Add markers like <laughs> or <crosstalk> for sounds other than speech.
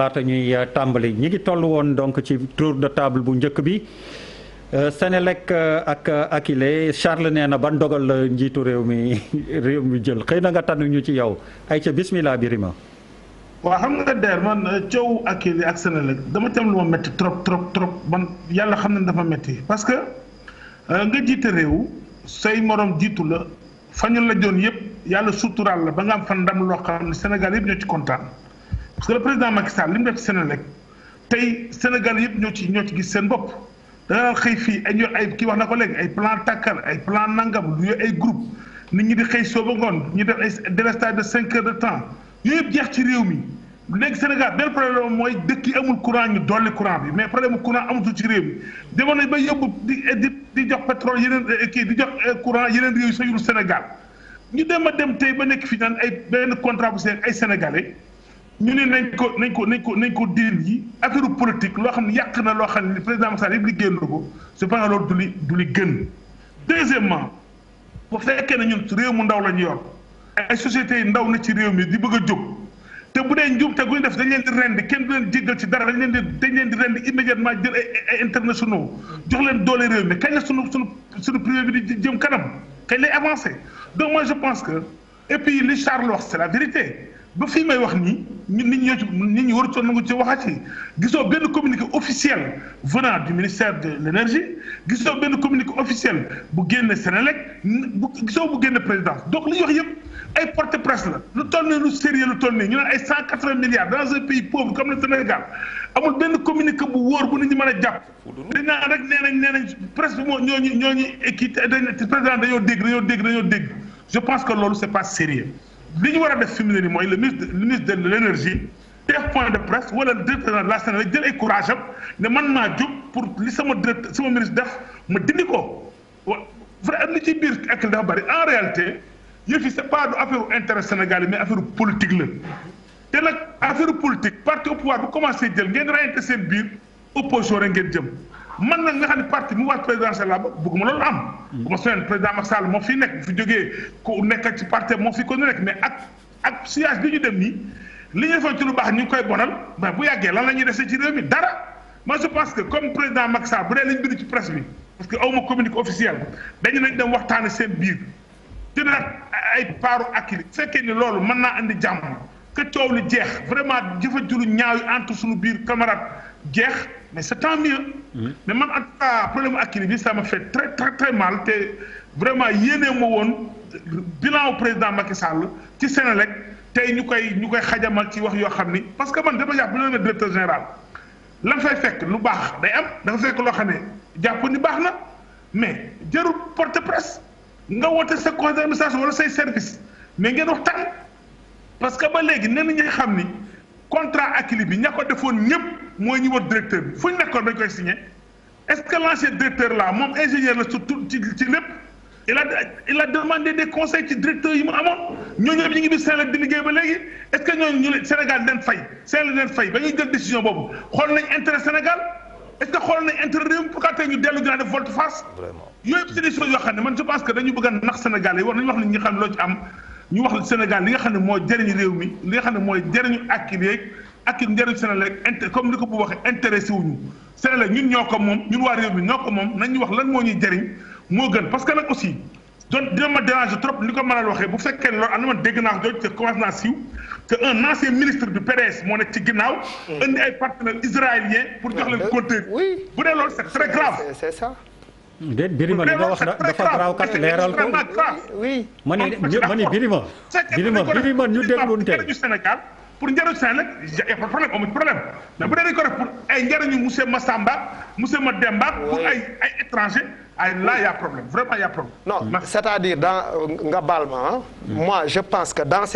laata ñuy euh, tàmbali ñi ngi toll woon donc ci tour de table bu njëkk bi euh, Senelec euh, ak Akilee Charles nee na ban dogal njiitu réew mi <laughs> réew mi jël xëy na nga tànn ñu ci yow ay ca bismillah bi ma waaw xam nga der coow Akilee ak Senelec dama tam lu ma métti trop trop trop man yàlla xam ne dafa métti parce que nga jiite réew say morom jiitu la fañu la joon yëpp yàlla suturaal la ba nga am fan ndam loo xam ne Sénégal yëpp ñoo ci kontaan parce président Macky Sall li mu def ci Senelec tey Sénégal yëpp ñoo ci ñoo ci gis seen bopp da nga xëy fii ay ñor ay kii wax na ko léegi ay plan takkal ay plan nangam lu ay groupe nit ñi di xëy sooba ngoon ñu def ay délestage de cinq heures de temps yooyu yëpp jeex ci réew mi léegi Sénégal benn problème mooy dëkk amul courant ñu dolli courant bi mais problème courant amatul ci réew mi demoon nañ ba yóbbu di di di jox pétrole yeneen eh, kii di jox eh, courant yeneen réew yi sa yuru Sénégal ñu dem a dem tey ba nekk fi naan ay benn contrat bu seen ay sénégalais ñu ne nañ ko nañ ko nañ ko nañ ko dér yi affaire loo xam ne yàq na loo xam ne président Macky Sall yëpp liggéey na ko je pense loolu du li du li gën. deuxièmement bu fekkee ne ñun réew mu ndaw la ñu yor ay sociétés ndaw na ci réew mi di bëgg a jóg te bu dee njuum te gu ñu def dañ leen di rendi kenn du leen jéggal ci dara dañ leen di dañ leen di rendi immédiatement jël ay ay internationaux jox leen doole réew mi kañ su sunu sunu bi di jëm kanam kañ lay avancé donc moi je pense que et puis li Charles wax c'est la vérité. ba fii may wax nii ñun nit ñoo ci nit ñi warutoon nangu ci waxati gisoo benn communiqué officiel venant du ministère de l' énergie gisoo benn communiqué officiel bu génne Sénélec bu gisoo bu génne présidence donc li ñu wax yëpp ay porte presse la lu toll nii lu sérieux lu toll nii ñu naan ay cent quatre vingt milliards dans un pays pauvre comme le Sénégal amul benn communiqué bu wóor bu nit ñi mën a jàpp. dañ naan rek nee nañ nee nañ presse bi moo ñooñu ñooñu équité dañ président dañoo dégg dañoo dégg dañoo dégg je pense que loolu c' est pas sérieux li ñu war a def fi mu ne nii mooy le ministre le mis de l' énergie def point de presse wala directeur de la Sénélec jël e courage ne man naa jóg pour li sama directeur sama ministre def ma dindi ko wa vrai am na ci biir ak dafa bëri en réalité yëf yi c' est pas du affaire intérêt Sénégal yi mais affaire politique la te nag affaire politique parti au pouvoir bu commencé jël ngeen rayante seen biir opposition rek ngeen jëm. man nag nga xam ne parti mu war présidentiel la bëgguma loolu am. bu ma sonné président Macky Sall moo fi nekk bu fi jógee ku nekk ci parti moo fi ko nekk mais ak ak sillage bi ñu dem nii li ñu defoon ci lu baax ñu ngi koy bonal mais bu yàggee lan la ñuy dese ci réew mi dara moi je pense que comme président Macky Sall bu dee lañ bind ci presse bi parce que aw ma communiqué officiel nañ dem waxtaane seen biir te nag ay paaru akili fekkee ni loolu mën naa andi jàmm. que coow lu jeex vraiment jëfandilu ñaaw yi entre suñu biir camarade jeex mais c'est tant mieux. Mm-hmm. mais man at tout cas problème Akili bi sama m'a fait très très mal te vraiment yéene ma woon bilan au président Macky Sall ci Sénélec tey ñu koy ñu koy xajamal ci wax yoo xam ni parce que man dama jàpp bu ñu nee général lan fay fekk lu baax day am dafa fekk loo xam ne jàpp ni baax na mais jarul porte presse nga woote sa conseil d'administration wala say service mais ngeen waxtaan. parce que ba léegi nee nañu xam ni contrat Akilee bi ña ko defoon ñëpp mooy ñu war directeur bi fu ñu nekkoon dañ koy signé est-ce que l'ancien directeur là moom ingénieur la surtout ci ci lépp il a il a demandé des conseils ci directeur yi mu amoon ñoo ñëpp ñu ngi di Sénégal di liggéey ba léegi est-ce que ñooñu ñu Sénégal leen fay Sénégal leen fay ba ñuy jël décision boobu xool nañ intérêt Sénégal est-ce que xool nañ intérêt réew mi pourquoi ñu dellu gën a def volte face. vraiment que dañu bëgg a nax Sénégal yi wax ni ñi xam loo am. ñu wax Sénégal li nga xam ne mooy jëriñu réew mi li nga xam ne mooy jëriñu akki yeeg akki njëriñu Sénégal inter comme ni ko bu waxee intéressé wuñu Sénégal ñun ñoo ko moom ñun waa réew mi ñoo ko moom nañu wax lan moo ñuy jëriñ moo gën parce que nag aussi donc dina ma déranger trop ni ko Malal waxee bu fekkee ne loolu am na man dégg naa jooju te commencé naa siiw que un ancien ministre du PDS moo nekk ci ginnaaw. Mm. indi ay partenaires israéliens pour jox leen mm. compteur. bu dee loolu c'est très grave. c'est Birima li nga wax dafa garaaw kat leeral ko oui ma ni ma ni Birima Birima Birima ñu déglunte Sénégal pour njëriñu Sénégal y a pas problème amul problème mais bu dee dañ ko def pour ay njëriñu monsieur Massamba monsieur Mademba pour ay ay étranger ay là y a problème vraiment y a problème non c'est-à-dire dans nga mm. moi je pense que dans